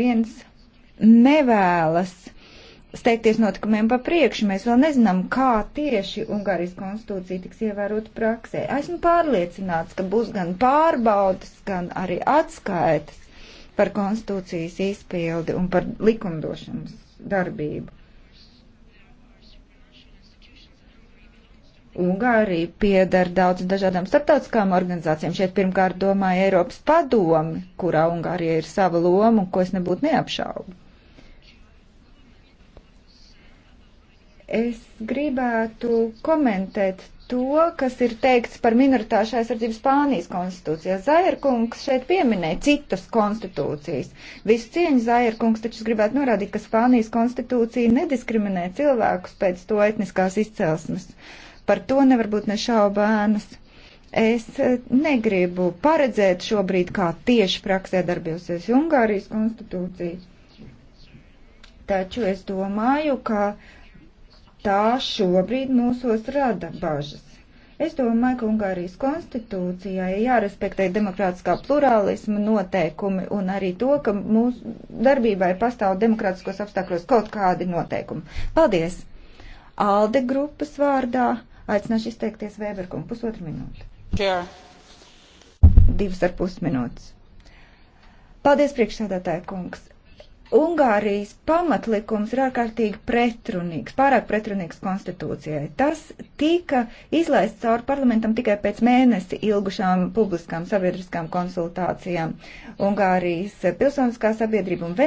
viens nevēlas steigties notikumiem pa priekšu. Mēs vēl nezinām, kā tieši Ungārijas konstitūcija tiks ievērota praksē. Esmu pārliecināts, ka būs gan pārbaudas, gan arī atskaitas par konstitūcijas izpildi un par likumdošanas darbību. Ungārija piedara daudz dažādām starptautiskām organizācijām. Šeit pirmkārt domāju Eiropas padomi, kurā Ungārija ir sava loma, ko es nebūtu neapšaubu. Es gribētu komentēt to, kas ir teikts par minoritāšu aizsardzību Spānijas konstitūcijā. Zairkungs šeit pieminēja citas konstitūcijas. Visu cieņu Zairkungs, taču es gribētu norādīt, ka Spānijas konstitūcija nediskriminē cilvēkus pēc to etniskās izcelsmes. Par to nevar būt ne šaubēnas. Es eh, negribu paredzēt šobrīd, kā tieši praksē darbjosies Ungārijas konstitūcija. Taču es domāju, ka tā šobrīd mūsos rada bažas. Es domāju, ka Ungārijas konstitūcijai jārespektē demokrātiskā plurālisma noteikumi un arī to, ka mūsu darbībai pastāv demokrātiskos apstākļos kaut kādi noteikumi. Paldies! Alde grupas vārdā Aicināšu izteikties Vēberkungu pusotru minūti. Yeah. Divas ar pus minūtes. Paldies, priekšsādātāja kungs. Ungārijas pamatlikums ir ārkārtīgi pretrunīgs, pārāk pretrunīgs konstitūcijai. Tas tika izlaists cauri parlamentam tikai pēc mēnesi ilgušām publiskām sabiedriskām konsultācijām. Ungārijas pilsoniskā sabiedrība un